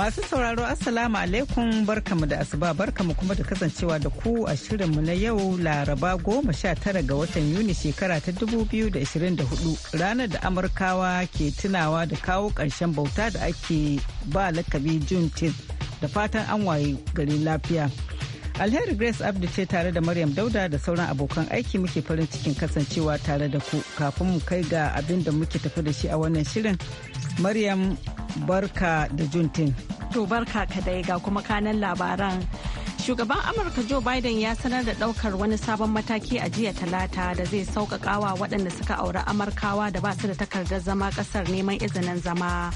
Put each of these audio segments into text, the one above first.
Masu sauraro Assalamu alaikum barkamu da asuba barkamu kuma da kasancewa da ku a shirinmu na yau Laraba goma sha tara ga watan Yuni shekara ta dubu da hudu ranar da Amurkawa ke tunawa da kawo ƙarshen bauta da ake ba lakabi Juneteenth da fatan an waye gari lafiya. Alheri Grace Abdu ce tare da Maryam Dauda da sauran abokan aiki muke farin cikin kasancewa tare da ku kafin mu kai ga abin da muke tafi da shi a wannan shirin. Maryam barka da juntin. To barka ka dai ga kuma kanan labaran. Shugaban Amurka Joe Biden ya sanar da daukar wani sabon mataki a jiya talata da zai sauƙaƙawa waɗanda suka auri Amurkawa da ba su da takardar zama ƙasar neman izinin zama.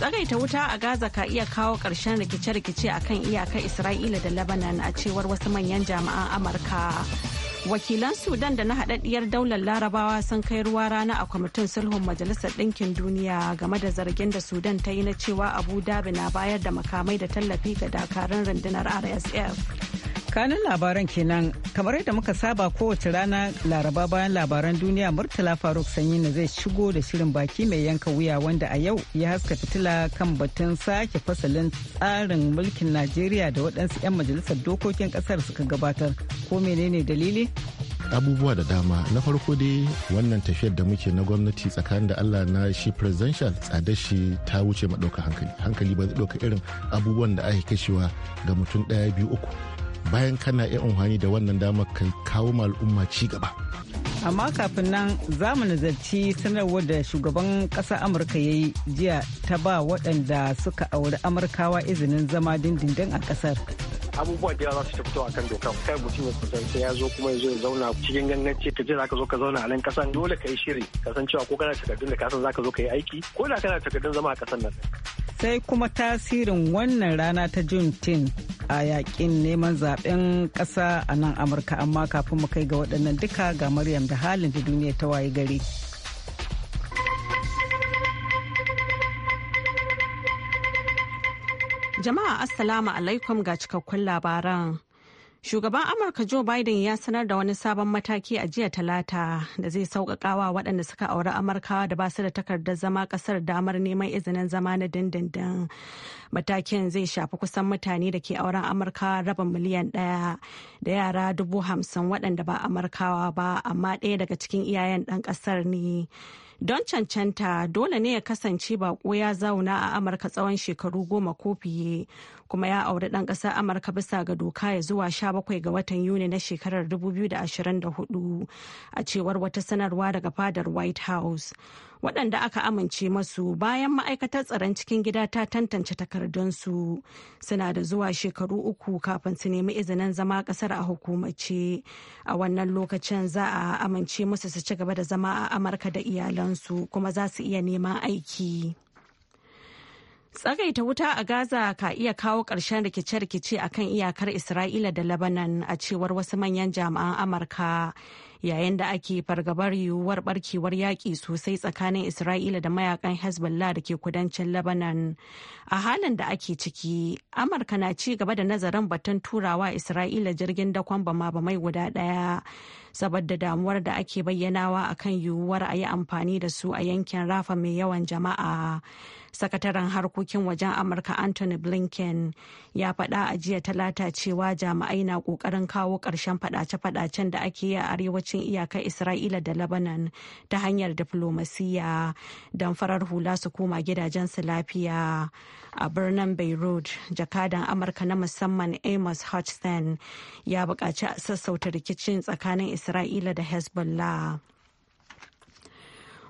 Tsagaita wuta a Gaza ka iya kawo ƙarshen rikice-rikice akan iyakar Isra'ila da Lebanon a cewar wasu manyan jami'an Amurka. wakilan sudan da na haɗaɗɗiyar daular larabawa sun kai ruwa rana a kwamitin sulhun majalisar ɗinkin duniya game da zargin da sudan ta yi na cewa abu dhabi na bayar da makamai da tallafi ga dakarun rundunar rsf kanin labaran kenan kamar yadda muka saba kowace rana laraba bayan labaran duniya murtala faruk sanyi na zai shigo da shirin baki mai yanka wuya wanda a yau ya haska fitila kan batun sake fasalin tsarin mulkin najeriya da waɗansu 'yan majalisar dokokin ƙasar suka gabatar ko menene dalili abubuwa da dama na farko dai wannan tafiyar da muke na gwamnati tsakanin da allah na shi presidential tsadar shi ta wuce maɗauka hankali hankali ba zai ɗauka irin abubuwan da ake kashewa ga mutum ɗaya biyu uku bayan kana iya amfani da wannan damar kan kawo ma al'umma ci gaba amma kafin nan za mu nazarci sanarwar da shugaban ƙasar amurka ya yi jiya ta ba waɗanda suka auri amurkawa izinin zama dindindin a ƙasar abubuwa da yawa za su fito kan doka kai mutum ya sai ya zo kuma ya zo ya zauna cikin ganganci ka je zaka zo ka zauna a nan kasan dole ka yi shiri kasancewa ko kana takardun da kasan zaka zo ka yi aiki ko da kana takardun zama a kasan nan sai kuma tasirin wannan rana ta juntin a yakin neman zaben kasa a nan amurka amma kafin mu kai ga waɗannan duka ga maryam da halin da duniya ta waye gari. Jama'a Assalamu alaikum ga cikakkun labaran. Shugaban Amurka Joe Biden ya sanar da wani sabon mataki a jiya talata da zai sauƙaƙawa waɗanda suka auri Amurkawa da basu da takardar zama ƙasar damar neman izinin zama na dindindin. Matakin zai shafi kusan mutane da ke auren Amurka rabin miliyan ɗaya da yara dubu hamsin waɗanda ba Amurkawa ba amma ɗaya daga cikin iyayen ɗan ƙasar ne. Don cancanta dole ne ya kasance bako ya zauna a Amurka tsawon shekaru goma ko fiye kuma ya auri ɗan ƙasar Amurka bisa ga doka ya zuwa 17 ga watan Yuni na shekarar 2024 a cewar wata sanarwa daga fadar White House. waɗanda aka amince masu bayan ma'aikatar tsaron cikin gida ta tantance takardunsu suna da zuwa shekaru uku kafin su nemi izinin zama ƙasar a hukumace a wannan lokacin za a amince musu su ci gaba da zama a amurka da iyalansu kuma za su iya neman aiki. Tsagaita wuta a Gaza ka iya kawo ƙarshen rikice-rikice a kan iyakar Isra'ila da Lebanon a cewar wasu manyan jami'an Amurka yayin da ake fargabar yiwuwar barkewar yaƙi sosai tsakanin Isra'ila da mayakan Hezbollah da ke kudancin Lebanon. A halin da ake ciki, Amurka na ci gaba da nazarin batun turawa Isra'ila jirgin dakon bama ba mai guda ɗaya saboda damuwar da ake bayyanawa akan yiwuwar a yi amfani da su a yankin rafa mai yawan jama'a. sakataren harkokin wajen amurka anthony blinken ya faɗa a jiya talata cewa jami'ai na ƙoƙarin kawo ƙarshen faɗace-faɗacen da ake yi a arewacin iyakar isra'ila da lebanon ta hanyar diflomasiyya don farar hula su koma su lafiya a birnin beirut jakadan amurka na musamman amos hodgson ya buƙaci sassauta rikicin tsakanin isra'ila da hezbollah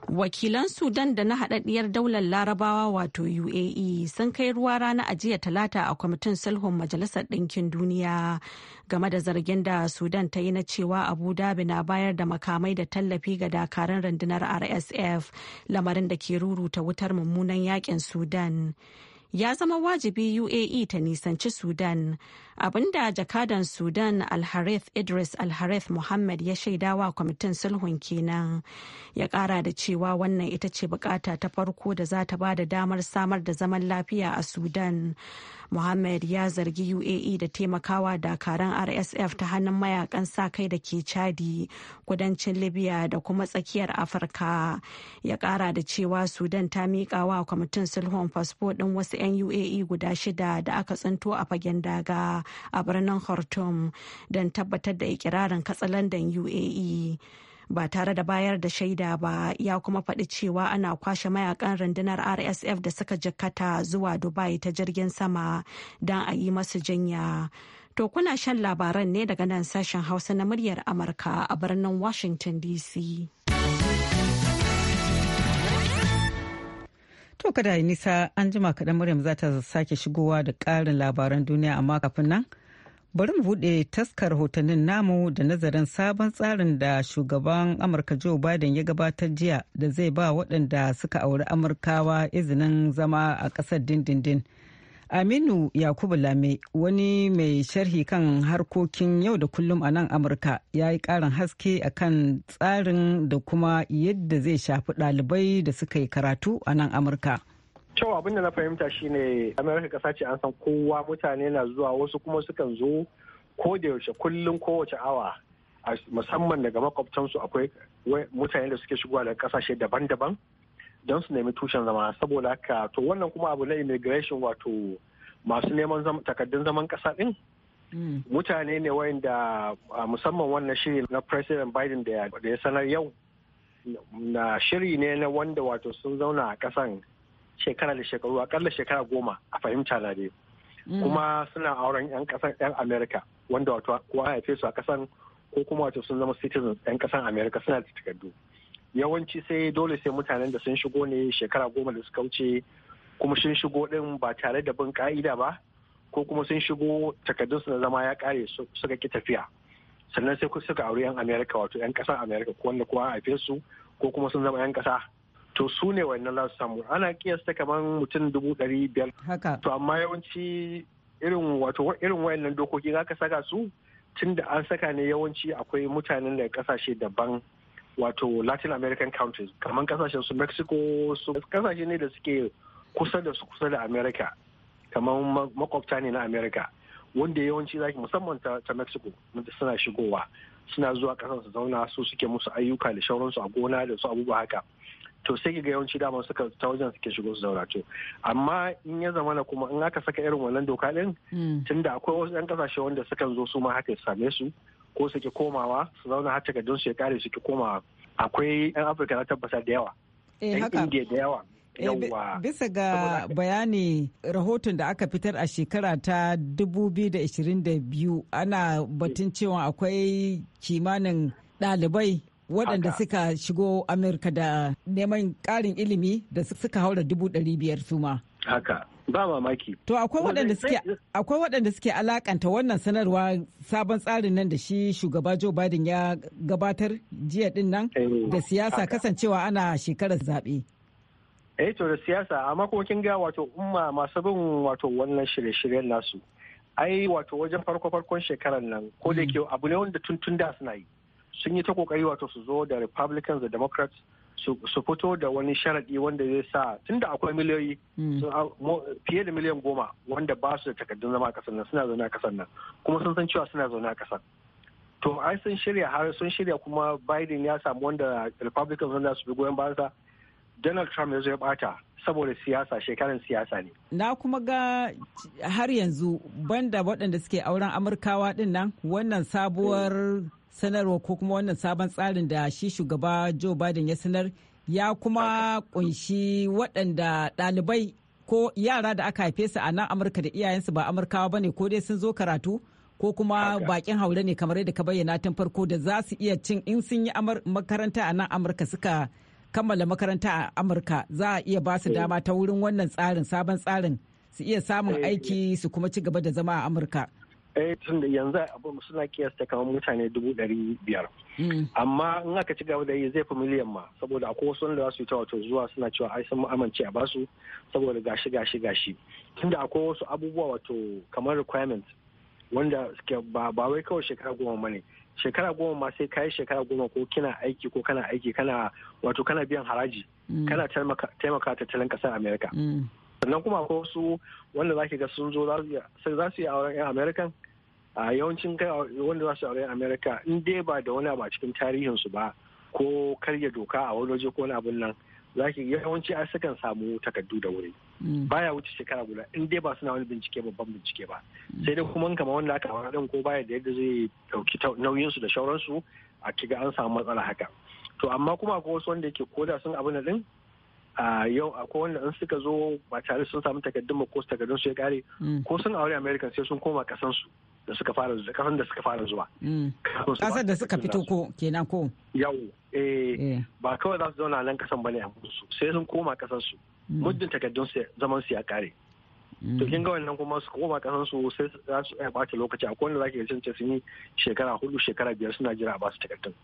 wakilan sudan da na haɗaɗɗiyar daular larabawa wato uae sun kai ruwa rana a jiya talata a kwamitin sulhun majalisar ɗinkin duniya game da zargin da sudan ta yi na cewa abu dhabi na bayar da makamai da tallafi ga dakarun rundunar rsf lamarin da ke ruruta wutar mummunan yakin sudan ya zama wajibi UAE ta nisanci Sudan. Abinda jakadan Sudan Alhareth Idris Alhareth Muhammad ya shaidawa kwamitin sulhun kenan. Ya kara da cewa wannan ita ce bukata ta farko da za ta ba da damar samar da zaman lafiya a Sudan. Mohammed ya zargi UAE da taimakawa dakaran RSF ta hannun mayakan sa kai da ke Chadi, kudancin Libya da kuma tsakiyar Afirka. Ya kara da cewa Sudan ta miƙa wa kwamitin sulhun fasfo ɗin wasu 'yan UAE guda shida da aka tsinto a fagen daga a birnin Khartoum don tabbatar da ikirarin katsalandan UAE. ba tare da bayar da shaida ba ya kuma faɗi cewa ana kwashe mayakan rundunar rsf da suka jikkata zuwa dubai ta jirgin sama don a yi masu jinya to kuna shan labaran ne daga nan sashen hausa na muryar amurka a birnin washington dc to kada nisa an jima kaɗan muryar za ta sake shigowa da ƙarin labaran duniya amma kafin nan bari mu buɗe taskar hotunan namu da nazarin sabon tsarin da shugaban amurka joe biden ya gabatar jiya da zai ba waɗanda suka auri amurkawa izinin zama a ƙasar dindindin aminu yakubu lame wani mai sharhi kan harkokin yau da kullum a nan amurka ya yi ƙarin haske a kan tsarin da kuma yadda zai shafi ɗalibai da suka yi karatu a nan amurka cewa abin da na fahimta shine america kasa ce an san kowa mutane na zuwa wasu kuma sukan zo ko da yaushe kullum kowace awa musamman daga makwabtansu akwai mutane da suke shigowa daga kasashe daban-daban don su nemi tushen zama saboda haka to wannan kuma abu na immigration wato masu neman takardun zaman kasa din hmm. mutane ne wayanda musamman wannan shiri na president biden da ya sanar yau na shiri ne na wanda wato sun zauna a kasan shekara da shekaru akalla shekara goma a fahimta na dai mm. kuma suna auren yan kasan yan america wanda wato ko haife su a kasan ko kuma wato sun zama citizens yan kasan america suna da takardu yawanci sai dole sai mutanen da sun shigo ne shekara goma da suka wuce kuma sun shigo din ba tare da bin ka'ida ba ko kuma sun shigo takardun su na zama ya kare suka ki tafiya sannan sai suka auri yan america wato yan kasan america ko wanda kowa haife su ko kuma sun zama yan kasa to su ne wannan za su samu ana kiyasta kamar mutum dubu ɗari biyar to amma yawanci irin wato irin wayannan dokoki za ka saka su tun da an saka ne yawanci akwai mutanen da kasashe daban wato latin american countries kamar kasashen su mexico su kasashe ne da suke kusa da su kusa da america kamar makwabta ne na america wanda yawanci zaki musamman ta mexico suna shigowa suna zuwa kasar su zauna su suke musu ayyuka da shauransu a gona da su abubuwa haka to sai ga yawanci dama suka ta wajen suke shigo su zauna to amma in ya zama na kuma in aka saka irin wannan doka din hmm. tunda akwai wasu yan kasashe wanda sukan zo su ma haka ya same su ko suke komawa su zauna har takardun su ya kare suke komawa akwai yan afirka na tabbata da yawa yan eh, indiya da yawa eh, bisa ga bayani rahoton da aka fitar a shekara ta 2022 ana batun eh. cewa akwai kimanin ɗalibai waɗanda suka shigo amurka da neman ƙarin ilimi da suka haura dubu ɗari biyar suma. haka ba mamaki to akwai waɗanda suke alaƙanta alakanta wannan sanarwa sabon tsarin nan da shi shugaba Joe Biden ya gabatar jiya din nan eh, da siyasa kasancewa ana shekarar zaɓe eh to da siyasa amma kuma kin ga wato umma masu bin wato wannan shirye-shiryen nasu ai wato wajen farko-farkon shekarar nan ko da mm. ke abu ne wanda tun tun da suna yi sun yi ta kokari wato su zo da republicans da democrats su fito da wani sharaɗi wanda zai sa tunda akwai miliyoyi hmm. fiye da miliyan goma wanda ba su da takardun zama a kasar nan suna zaune a kasar nan kuma sun san cewa suna zaune a kasar to ai sun shirya har sun shirya kuma biden ya samu wanda republicans wanda su bi goyon sa donald trump ya zo ya bata saboda siyasa shekaran siyasa ne na kuma ga har yanzu banda waɗanda suke auren amurkawa din nan wannan sabuwar sanarwa ko kuma wannan sabon tsarin da shi shugaba joe biden ya sanar ya kuma kunshi waɗanda ɗalibai ko yara da aka haife su a nan amurka da iyayensu ba amurkawa ba ne ko dai sun zo karatu ko kuma bakin haure ne kamar yadda ka bayyana tun farko da za su iya cin in sun yi makaranta a nan amurka suka kammala makaranta a amurka za a iya ba su eh. dama ta wurin wannan tsarin sabon tsarin su iya samun eh. aiki su kuma ci gaba da zama a amurka. eh tun yanzu abu suna kiyasta kamar mutane dubu ɗari biyar hmm. amma in aka ci gaba da yi zai fi miliyan ma saboda akwai wasu wanda za su yi ta wato zuwa suna cewa ai sun amince a basu saboda gashi gashi gashi tunda akwai wasu abubuwa wato kamar requirement wanda ba ba wai kawai shekara goma ne shekara goma ma sai kayi shekara goma ko kina aiki ko kana aiki kana wato kana biyan haraji hmm. kana taimaka tattalin kasar america hmm. sannan kuma ko su wanda za ki ga sun zo za su yi auren 'yan american a yawancin kai wanda za su yi auren america in dai ba da wani abu a cikin tarihinsu ba ko karya doka a wani waje ko wani abun nan za ki yawanci a sukan samu takardu da wuri mm. baya wuce shekara guda in dai ba suna wani bincike babban bincike ba mm. sai dai kuma kamar wanda aka aura ko baya da yadda zai dauki nauyinsu da shauransu a kiga an samu matsala haka to amma kuma ko wasu wanda yake koda sun abin din a yau akwai wanda in suka zo ba tare sun samu takardun ko takardun su ya kare mm. ko sun aure american sai sun koma kasan su da suka fara zuwa kasan da suka fara zuwa mm. Kasan da suka fito ko kenan ko yau eh, eh ba kawai za su zauna nan kasan bane a su sai sun koma kasan mm. su muddin takardun su zaman su ya kare to kin ga wannan kuma su koma kasan su sai za su bata lokaci akwai wanda zaki ga sun yi shekara hudu shekara biyar suna jira a su takardun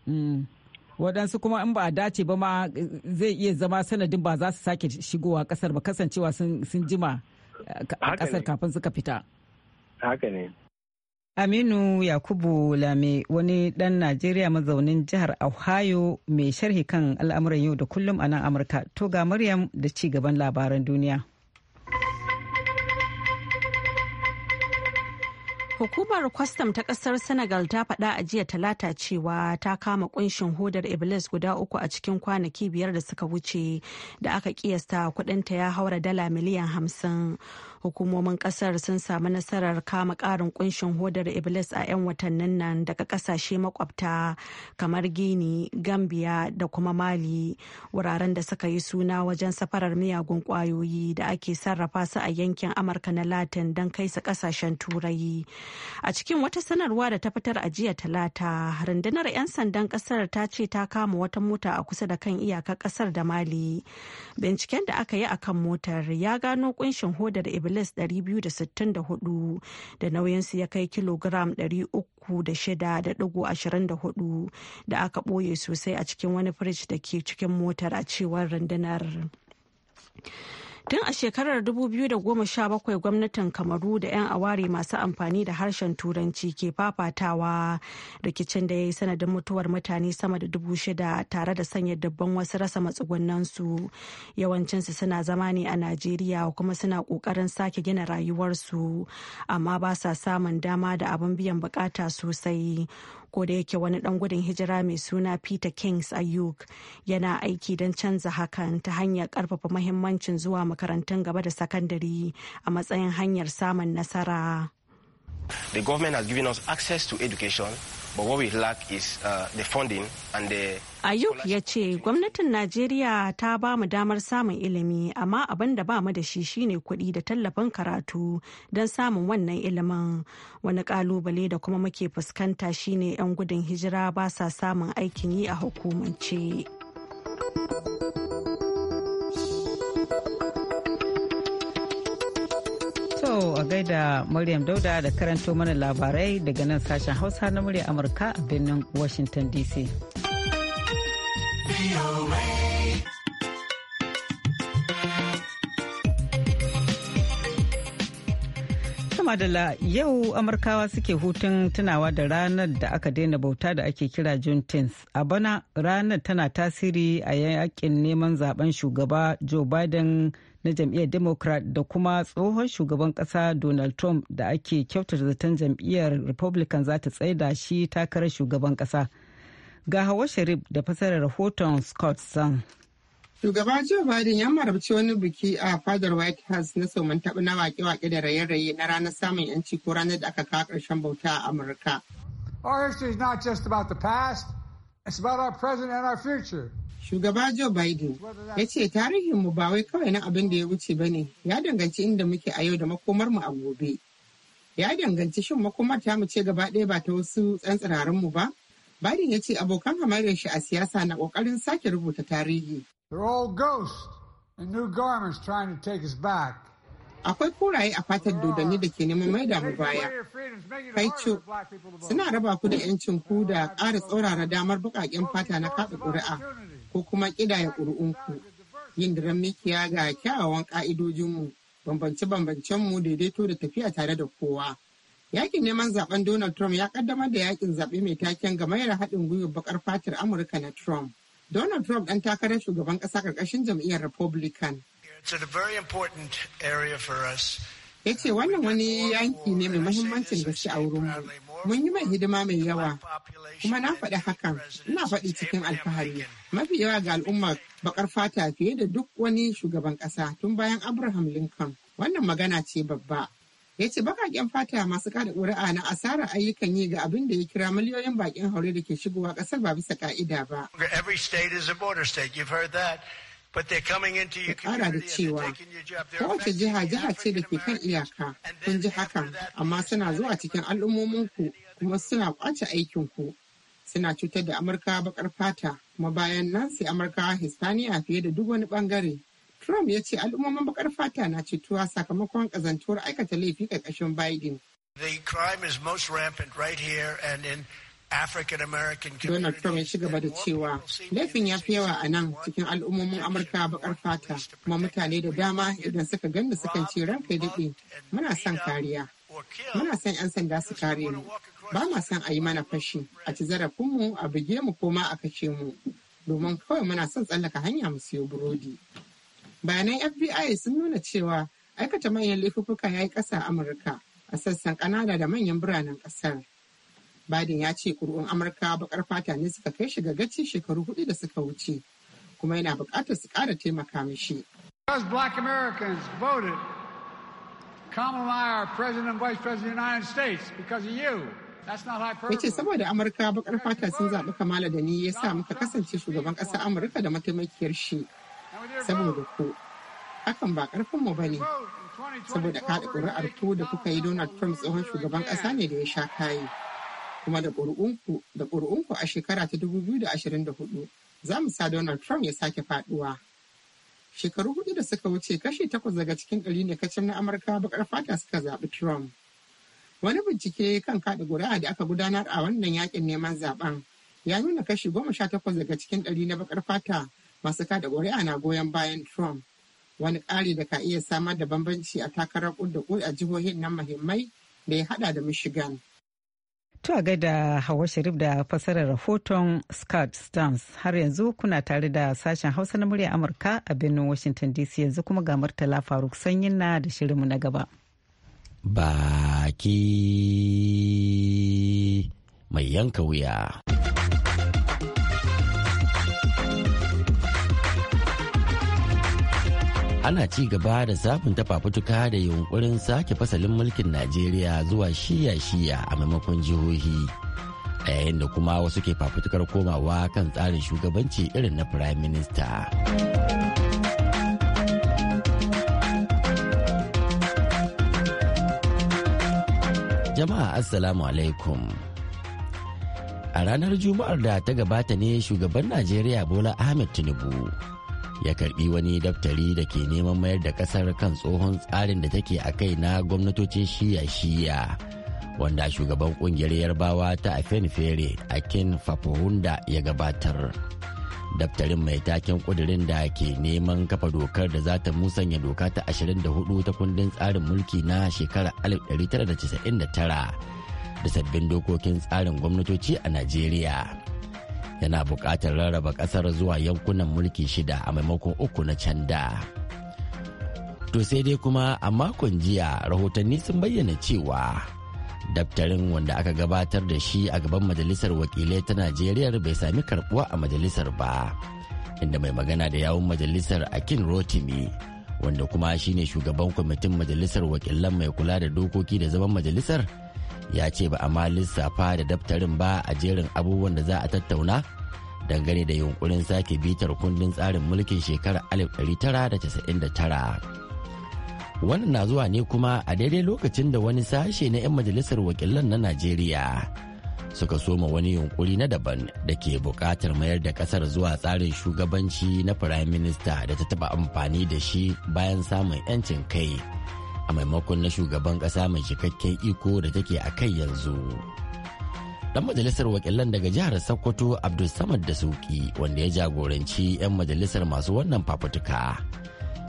waɗansu kuma in ba a dace ba ma zai iya zama sanadin ba za su sake shigowa kasar ba kasancewa sun jima eh, a kasar kafin suka fita haka ne aminu yakubu lame wani ɗan najeriya mazaunin jihar ohio mai sharhi kan al'amuran yau da kullum a nan amurka to ga maryam da ci gaban labaran duniya Hukumar kwastam ta kasar Senegal ta faɗa a jiya talata cewa ta kama kunshin hodar Iblis guda uku a cikin kwanaki biyar da suka wuce da aka kiyasta kudinta ya haura dala miliyan hamsin. hukumomin kasar sun samu nasarar kama karin kunshin hodar iblis a 'yan watannin nan daga kasashe makwabta kamar gini gambia da kuma mali wuraren da suka yi suna wajen safarar miyagun kwayoyi da ake sarrafa su a yankin amurka na latin don kai su kasashen turai a cikin wata sanarwa da ta fitar a jiya talata rundunar 'yan sandan kasar ta ce ta kama wata mota a kusa da kan iyakar kasar da mali binciken da aka yi akan motar ya gano kunshin hodar iblis iblis 264 da nauyinsu ya kai kilogram 306.24 da aka ɓoye sosai a cikin wani firij da ke cikin motar a cewar rundunar. Tun a shekarar 2017 gwamnatin Kamaru da 'yan aware masu amfani da harshen Turanci ke fafatawa rikicin da ya yi sanadin mutuwar mutane sama da dubu shida tare da sanya dabban wasu rasa matsugunansu yawancinsu suna zama ne a Najeriya kuma suna ƙoƙarin sake gina rayuwarsu amma ba sa samun dama da abin biyan bukata sosai ko da yake wani dan gudun hijira mai suna peter kings ayuk yana aiki don canza hakan ta hanyar karfafa mahimmancin zuwa makarantun gaba da sakandare a matsayin hanyar samun nasara The government has given us access to education, but what we lack is uh, the funding and the Ayuk ya ce gwamnatin Najeriya ta ba mu damar samun ilimi amma abin da ba mu da shi shine kuɗi da tallafin karatu don samun wannan ilimin. Wani kalubale da kuma muke fuskanta shine 'yan gudun hijira ba sa samun aikin yi a hukumance. To a gaida Maryam Dauda da karanto mana labarai daga nan sashen Hausa na murya Amurka a birnin Washington DC. madalla yau amurkawa suke hutun tunawa da ranar da aka daina bauta da ake kira juntins a bana ranar tana tasiri a yakin neman zaben shugaba joe biden na jam'iyyar democrat da kuma tsohon shugaban kasa donald trump da ake kyautata zaton jam'iyyar republican za ta tsaida shi takarar shugaban kasa ga hawa sharif da fasarar rahoton scott san shugaba joe biden ya marabci wani biki a fadar white house na sauman taɓa na wake-wake da raye-raye na ranar samun yanci ko ranar da aka kawo ƙarshen bauta a amurka our history is not just about the past it's about our present and our future Shugaba Joe Biden ya ce tarihinmu ba wai kawai na abin da ya wuce ba ne, ya danganci inda muke a yau da makomarmu a gobe. Ya danganci shin makomar ta mu ce gaba ɗaya ba ta wasu tsantsirarinmu ba? Biden ya ce abokan hamayyar shi a siyasa na ƙoƙarin sake rubuta tarihi. Akwai kuraye a fatar dodanni da ke neman maida mu baya. Kaicu suna raba ku da 'yancin ku da ƙara tsaurara damar buƙaƙen fata na kaɗa ƙuri'a. ko kuma ƙidaya ƙuri'unku yin diran mikiya ga kyawawan ƙa'idojinmu bambance-bambancenmu daidaito da tafiya tare da kowa. Yakin neman zaben Donald Trump ya kaddamar da yakin zaɓe mai taken ga mayar haɗin gwiwar bakar fatar Amurka na Trump. Donald Trump ɗan takarar shugaban ƙasa ƙarƙashin jam'iyyar Republican. Ya ce wannan wani yanki ne mai mahimmancin gaske a wurin mun yi mai hidima mai yawa kuma na faɗi hakan ina faɗi cikin alfahari mafi yawa ga al'umma bakar fata fiye da duk wani shugaban ƙasa tun bayan abraham lincoln wannan magana ce babba ya ce bakaken fata masu kada ƙuri'a na asara ayyukan yi ga abin da ya kira miliyoyin baƙin haure da ke shigowa ƙasar ba bisa ƙa'ida ba. kara da cewa kowace jiha jiha ce da ke kan iyaka kun ji hakan amma suna zuwa cikin al'ummominku kuma suna kwace aikinku suna cutar da amurka bakar fata kuma bayan nan sai amurka hispaniya fiye da duk wani bangare trump ya ce al'ummomin bakar fata na cutuwa sakamakon kazantuwar aikata laifi ƙarƙashin biden The crime is most rampant right here and in Donald Trump ya ci gaba da cewa laifin ya fi yawa a nan cikin al'ummomin Amurka bakar fata kuma mutane da dama idan suka ganda sukan ce kai daɗe muna son kariya. Muna son 'yan sanda su kare mu. Ba ma son a yi mana fashi a ci zarafinmu a buge mu koma a kashe mu domin kawai muna son tsallaka hanya mu siyo burodi. Bayanan FBI sun nuna cewa aikata manyan laifuffuka ya yi ƙasa Amurka a sassan Kanada da manyan biranen ƙasar. Biden ya ce kuri'un Amurka bakar fata ne suka kai shi gaci shekaru hudu da suka wuce kuma yana bukatar su kara taimaka mishi. Because black Americans voted, Kamala I are president and vice president yace saboda amurka bakar fata sun zaɓi kamala da ni ya sa muka kasance shugaban ƙasa amurka da mataimakiyar shi saboda ku hakan ba ƙarfin mu bane saboda kaɗa ƙuri'ar ku da kuka yi donald trump tsohon shugaban ƙasa ne da ya sha kayi kuma da ƙuri'unku da ƙuri'unku a shekara ta 2024 za mu sa Donald Trump ya sake faduwa. Shekaru hudu da suka wuce kashi takwas daga cikin ɗari ne kacin na Amurka bakar fata suka zaɓi Trump. Wani bincike kan kaɗa ƙuri'a da aka gudanar a wannan yakin neman zaɓen ya nuna kashi goma sha takwas daga cikin ɗari na bakar fata masu kaɗa ƙuri'a na goyon bayan Trump. Wani ƙari da ka iya samar da bambanci a takarar ƙudda a jihohin nan muhimmai da ya haɗa da Michigan. zuwa a gaida Hawa Sharif da fassarar rahoton Scott Stans har yanzu kuna tare da sashen Hausa na murya Amurka a birnin Washington DC yanzu kuma ga Murtala Faruk Sanyin na da shirinmu na gaba. Baki mai yanka wuya. ana ci gaba da sabunta fafutuka da yunkurin sake fasalin mulkin najeriya zuwa shiya-shiya a maimakon jihohi a yayin da kuma wasu ke fafutukar komawa kan tsarin shugabanci irin na Prime Minister. jama'a assalamu alaikum a ranar juma'ar da ta gabata ne shugaban najeriya bola ahmed tinubu ya karbi wani daftari da ke neman mayar da kasar kan tsohon tsarin da take a kai na gwamnatocin shiya-shiya wanda shugaban kungiyar yarbawa ta afenfere akin fafohunda ya gabatar daftarin mai taken kudirin da ke neman kafa dokar da za ta musanya doka ta 24 ta kundin tsarin mulki na shekarar 1999 da sabbin dokokin tsarin gwamnatoci a najeriya yana buƙatar rarraba ƙasar zuwa yankunan mulki shida a maimakon uku na canda. da. To sai dai kuma a makon jiya rahotanni sun bayyana cewa daftarin wanda aka gabatar da shi a gaban majalisar wakilai ta Najeriya bai sami karbuwa a majalisar ba. Inda mai magana da yawun majalisar Akin Rotimi wanda kuma shine shugaban kwamitin majalisar wakilan mai kula da dokoki da zaman majalisar ya ce ba a ma lissafa da daftarin ba a jerin abubuwan da za a tattauna dangane da yunkurin sake bitar kundin tsarin mulkin shekarar 1999 wannan na zuwa ne kuma a daidai lokacin da wani sashe na 'yan majalisar wakilan na najeriya suka soma wani yunkuri na daban da ke buƙatar mayar da ƙasar zuwa tsarin shugabanci na firayim minista da ta taba amfani da shi bayan samun 'yancin kai a maimakon na shugaban kasa mai cikakken iko da take a kai yanzu. Dan majalisar wakilan daga jihar Sokoto Abdulsamad da Suki wanda ya jagoranci 'yan majalisar masu wannan fafutuka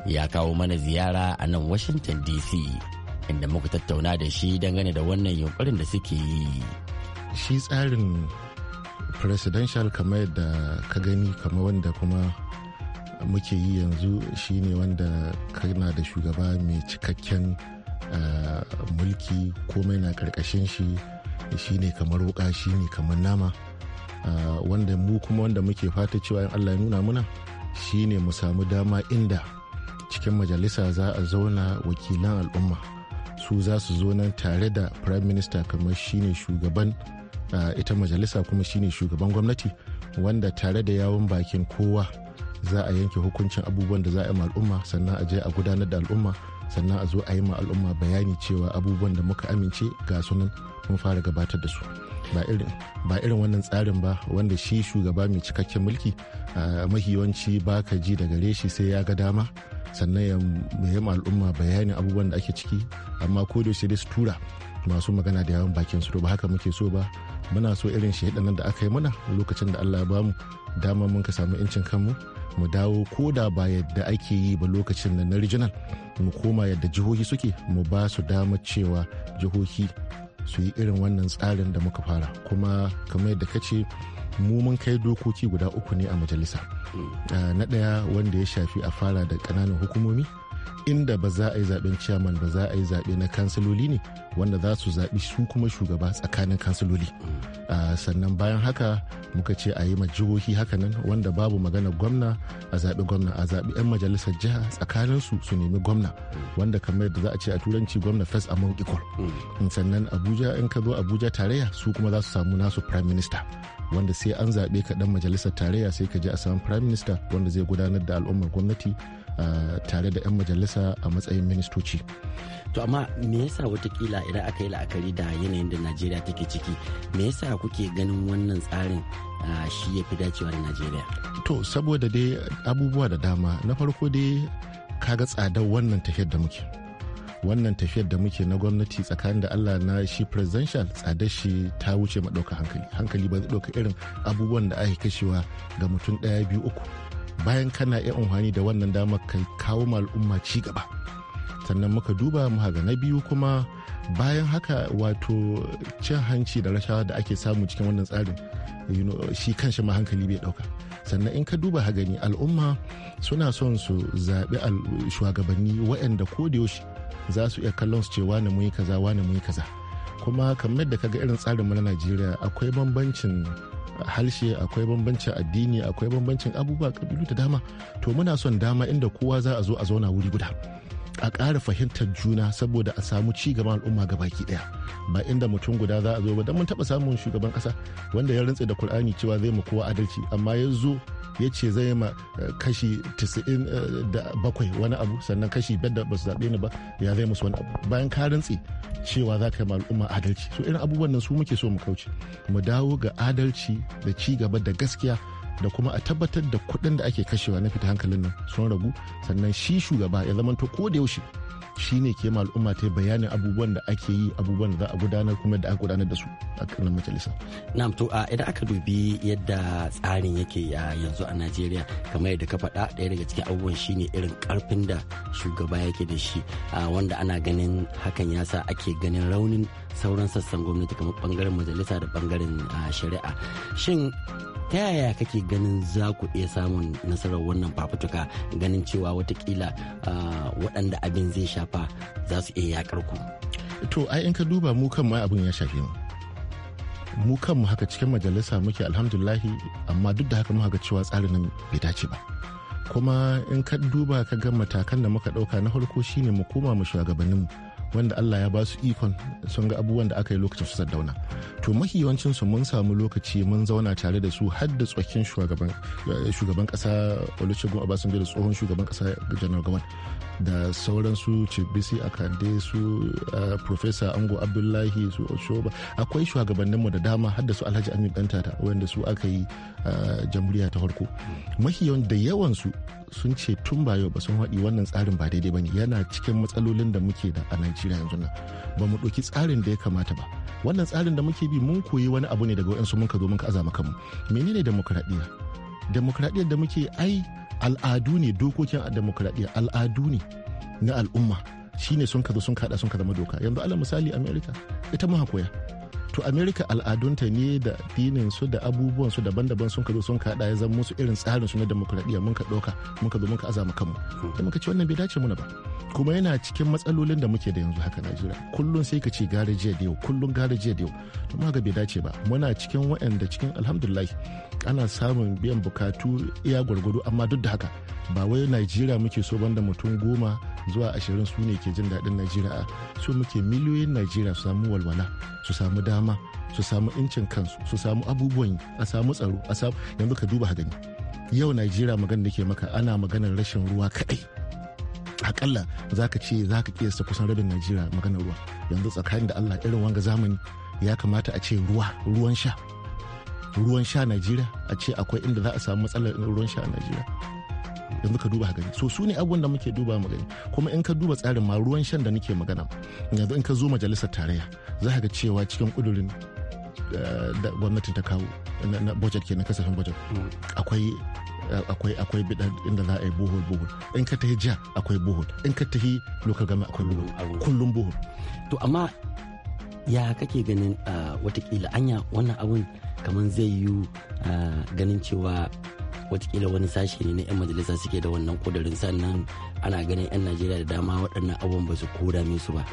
ya kawo mana ziyara a nan Washington DC inda muka tattauna da shi dangane da wannan yunkurin da suke yi. Shi tsarin presidential kamar da ka gani kamar wanda kuma muke yi yanzu shine wanda kana da shugaba mai cikakken eh, mulki komai na karkashin shi shine kamar wuka shine kamar nama eh, wanda mu kuma wanda muke fata cewa in allah ya nuna muna shine mu samu dama inda cikin majalisa za a zauna wakilan al'umma su za su zo nan tare da prime minister kamar shine shugaban eh, ita majalisa kuma shine shugaban gwamnati wanda tare da yawon bakin kowa za a yanke hukuncin abubuwan da za a yi al'umma sannan a je a gudanar da al'umma sannan a zo a yi ma al'umma bayani cewa abubuwan da muka amince ga sunan mun fara gabatar da su ba irin wannan tsarin ba wanda shi shugaba mai cikakken mulki yawanci ba ka ji daga reshi sai ya ga dama sannan ya yi al'umma bayanin abubuwan da ake ciki amma ko da su tura masu magana da yawon bakin su ba haka muke so ba muna so irin shahidan da aka yi mana lokacin da Allah ya bamu dama mun ka samu incin kanmu mu dawo ko da ba yadda ake yi ba lokacin da na regional mu koma yadda jihohi suke mu ba su dama cewa jihohi su yi irin wannan tsarin da muka fara kuma kamar yadda kace mu mun kai dokoki guda uku ne a majalisa mm. ah, na ɗaya wanda ya shafi a fara da ƙananan hukumomi inda ba za a yi zaɓen ciyaman ba za a yi zaɓe na kansiloli ne wanda za su zaɓi su kuma shugaba tsakanin kansiloli mm. ah, sannan bayan haka muka ce a yi ma jihohi nan wanda babu magana gwamna a zaɓi gwamna a zaɓi 'yan majalisar jiha tsakanin su su nemi gwamna mm. wanda kamar yadda za a ce a turanci gwamna first among equal mm. sannan abuja in ka zo abuja tarayya su kuma za su samu nasu prime minister wanda sai an zaɓe ka ɗan majalisar tarayya sai ka je a samu prime minister wanda zai gudanar da al'ummar gwamnati tare da 'yan majalisa a matsayin ministoci to amma me yasa watakila idan aka yi la'akari da yanayin da najeriya take ciki me yasa kuke ganin wannan tsarin shi ya fi dacewa da najeriya to saboda dai abubuwa da dama na farko dai kaga tsadar wannan tafiyar da muke wannan tafiyar da muke na gwamnati tsakanin da allah na shi presidential tsadar shi ta wuce ma hankali hankali ba zai ɗauka irin abubuwan da ake kashewa ga mutum ɗaya biyu uku bayan kana yi amfani da wannan dama ka kawo ma al'umma ci gaba sannan muka duba mu ga na biyu kuma bayan haka wato cin hanci da rashawa da ake samu cikin wannan tsarin shi kanshi ma hankali bai dauka sannan in ka duba ha gani al'umma suna son su zaɓi shugabanni waɗanda ko da yaushe za su iya kallon su ce wani mu yi kaza wani mu yi kaza kuma kamar da kaga irin tsarin mu na Najeriya akwai bambancin harshe akwai bambancin addini akwai bambancin abubuwa kabilu da dama to muna son dama inda kowa za a zo a zauna wuri guda a ƙara fahimtar juna saboda a samu ci gaban al'umma ga baki ɗaya ba inda mutum guda za a zo ba don mun taba samun shugaban kasa wanda ya rantse da kur'ani cewa zai mu kowa adalci amma ya zo ya ce zai ma eh, kashi 97 eh, wani abu sannan kashi da ba su zaɓe ni ba ya zai musu wani abu bayan ka rantse cewa za ka yi ma al'umma adalci so irin abubuwan nan su muke so mu kauce mu dawo ga adalci da ci gaba da gaskiya da kuma a tabbatar da kuɗin da ake kashewa na fita hankalin nan sun ragu sannan shi shugaba ya zamanto ko da yaushe shi ne ke al'umma ta bayanin abubuwan da ake yi abubuwan da za a gudanar kuma da aka gudanar da su a kanan majalisa. Na'am to idan aka dubi yadda tsarin yake yanzu a Najeriya kamar yadda ka faɗa ɗaya daga cikin abubuwan shi ne irin karfin da shugaba yake da shi wanda ana ganin hakan ya sa ake ganin raunin sauran sassan gwamnati kamar bangaren majalisa da bangaren shari'a shin ta yaya kake ganin za ku iya samun nasarar wannan fafutuka ganin cewa watakila waɗanda abin zai shafa za su iya yakar ku to ai in ka duba mu kan mai abin ya shafe mu mu kanmu haka cikin majalisa muke alhamdulahi amma duk da haka muka haka cewa tsarin nan bai dace ba kuma in ka duba ka ga matakan da muka ɗauka na farko shine mu koma mu shugabanninmu wanda Allah ya ba su ikon sun ga abubuwan da aka yi lokacin su sadauna to mafi yawancin su mun samu lokaci mun zauna tare da su har da tsokin shugaban eh, shugaban kasa Olusegun Obasanjo da tsohon shugaban kasa Janar Gawan da sauransu su cibisi akande su eh, Profesa ango abdullahi su oshoba akwai shugabanninmu da dama har su alhaji amin ta wanda su aka yi eh, jamhuriya ta farko mahiyan da yawan su sun ce tun ba yau ba sun haɗi wannan tsarin ba daidai bane yana cikin matsalolin da muke da a Najeriya yanzu nan ba mu ɗauki tsarin da ya kamata ba wannan tsarin da muke bi mun koyi wani abu ne daga wa'ansu mun ka zo mun ka azama kanmu menene demokradiyya demokradiyyar da muke ai al'adu ne dokokin demokradiyya al'adu ne na al'umma shine sun kazo sun kada sun ka zama doka yanzu ala misali america ita ma koya to america al'adunta ne da dinin su da abubuwan su daban-daban sun ka zo sun kada ya zama musu irin tsarin su na demokradiyya mun ka ɗauka mun ka zo mun ka azama kanmu da hmm. muka ce wannan bai dace muna ba kuma yana cikin matsalolin da muke da yanzu haka najeriya kullum sai ka ce gare jiya da yau kullum gara jiya da yau to ma ga bai dace ba muna cikin waɗanda cikin alhamdulillah ana samun biyan bukatu iya gwargwado amma duk da haka ba wai najeriya muke so banda mutum goma zuwa ashirin su ne ke jin daɗin najeriya su muke miliyoyin najeriya su samu walwala su samu dama su samu incin kansu su samu abubuwan a samu tsaro a samu yanzu ka duba gani yau najeriya magana da ke maka ana maganar rashin ruwa kaɗai akalla za ka ce za ka kiyasta kusan rabin najeriya maganar ruwa yanzu tsakanin da allah irin wanga zamani ya kamata a ce ruwa ruwan sha ruwan sha najeriya a ce akwai inda za a samu matsalar ruwan sha a najeriya yanzu ka duba gani so su ne abubuwan da muke duba mu gani kuma in ka duba tsarin ma ruwan shan da nake magana yanzu in ka zo majalisar tarayya za ka ga cewa cikin kudurin eh, da gwamnatin ta kawo na budget ke na kasafin budget akwai eh, akwai akwai bidan inda za a yi bohol bohol in ka tafi jiya akwai bohol in ka tafi local gama akwai bohol kullum bohol to amma ya kake ganin ah, watakila anya wannan abun kamar zai yi ah, ganin cewa watakila wani sashe ne na 'yan majalisa suke da wannan kudurin sannan ana ganin 'yan najeriya da dama waɗannan abubuwan ba su kura su ba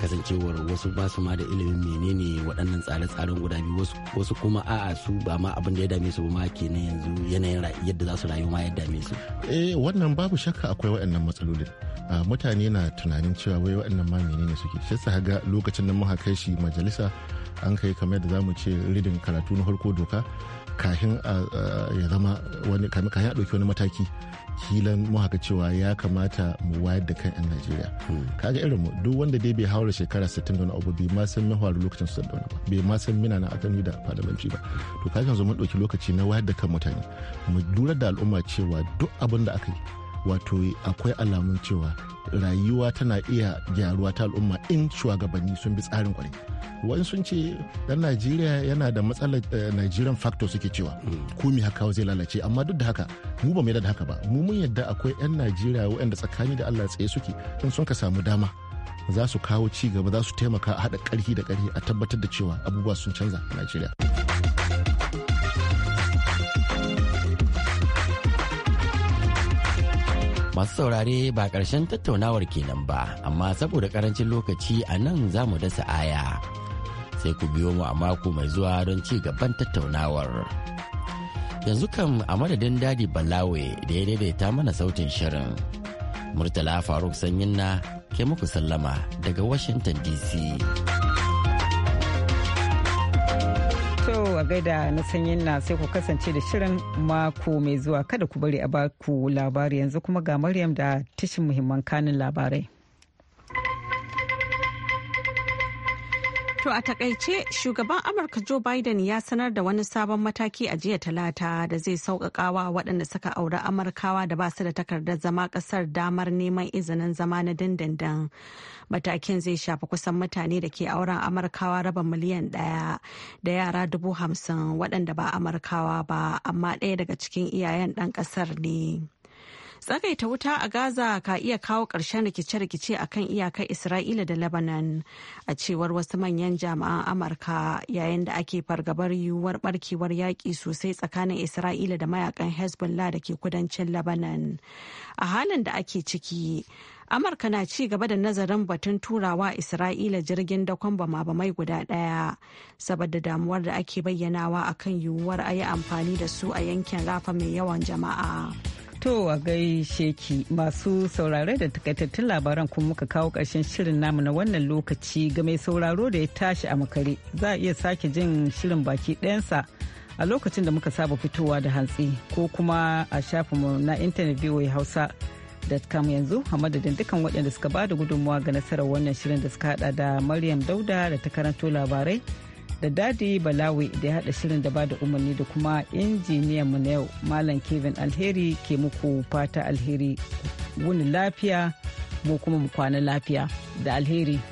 kasancewar wasu ba su ma da ilimin menene waɗannan tsare-tsaren guda biyu wasu kuma a'a su ba ma abin da ya dame su ba ma kenan yanzu yanayin yadda za su rayu ma ya dame su. eh wannan babu shakka akwai waɗannan matsalolin ah, mutane na tunanin cewa wai waɗannan ma menene suke sai su haga lokacin da muka kai shi majalisa an kai kamar da zamu ce ridin karatu na farko doka kafin ya zama wani kafin a ɗauki wani mataki kilan mu haka cewa ya kamata mu wayar da kan 'yan najeriya hmm. kaga irin mu duk wanda dai bai haura shekara 60 da wani abu bai ma san mahawar lokacin su da ba bai ma san mina na atani da fadalanci ba to kaga yanzu mun ɗauki lokaci na wayar da kan mutane mu lura da al'umma cewa duk abin da aka yi wato akwai alamun cewa rayuwa tana iya gyaruwa ta al'umma in shugabanni sun bi tsarin kwarai wani sun ce dan najeriya yana da matsalar eh, nigerian factor suke cewa komai haka zai lalace amma duk da haka mu ba mu yadda da haka ba mu mun yadda akwai yan najeriya waɗanda tsakani da allah tsaye suke in sun ka samu dama za su kawo ci gaba za su taimaka a haɗa ƙarfi da ƙarfi a tabbatar da cewa abubuwa sun canza a najeriya Masu saurare ba ƙarshen tattaunawar kenan ba, amma saboda ƙarancin lokaci a nan za mu dasa aya. Sai ku biyo mu a mako mai zuwa don ci gaban tattaunawar. Yanzu kam a madadin Dadi Balawe da ya daidaita mana sautin shirin. Murtala Faruk Sanyin na ke muku sallama daga Washington DC. gaida na sanyin na sai ku kasance da shirin mako mai zuwa kada ku bari a baku labari yanzu kuma ga Maryam da tashin muhimman kanin labarai. To a takaice shugaban Amurka Joe Biden ya sanar da wani sabon mataki a jiya talata da zai sauƙaƙawa waɗanda suka auri Amurkawa da ba su da takardar zama ƙasar damar neman izinin zama na dindindin. Matakin zai shafi kusan mutane da ke auren Amurkawa raba miliyan ɗaya da yara dubu hamsin waɗanda ba Amurkawa ba amma ɗaya daga cikin iyayen ɗan ƙasar ne. Tsagaita wuta a Gaza ka iya kawo ƙarshen rikice-rikice a kan iyakar Isra'ila da Lebanon a cewar wasu manyan jami'an Amurka yayin da ake fargabar yiwuwar barkewar yaƙi sosai tsakanin Isra'ila da mayakan Hezbollah da ke kudancin Lebanon. A halin da ake ciki, amurka na ci gaba da nazarin batun turawa isra'ila jirgin dakon bama-bamai guda ɗaya saboda damuwar da ake bayyanawa akan yiwuwar a yi amfani da su a yankin rafa mai yawan jama'a. To a gaishe ki masu saurare da takaitattun labaran kuma muka kawo ƙarshen shirin namu na wannan lokaci ga mai sauraro da ya tashi a makare za a iya sake jin shirin baki ɗayansa a lokacin da muka saba fitowa da hantsi ko kuma a shafinmu na intanet voa hausa.com yanzu a madadin dukkan waɗanda suka ba da gudunmawa ga nasarar wannan shirin da suka hada da maryam dauda da ta karanto labarai da dadi balawi da ya haɗa shirin da ba da umarni da kuma injiniyan mu na yau malam kevin alheri ke muku fata alheri wuni lafiya mu kuma mu kwana lafiya da alheri.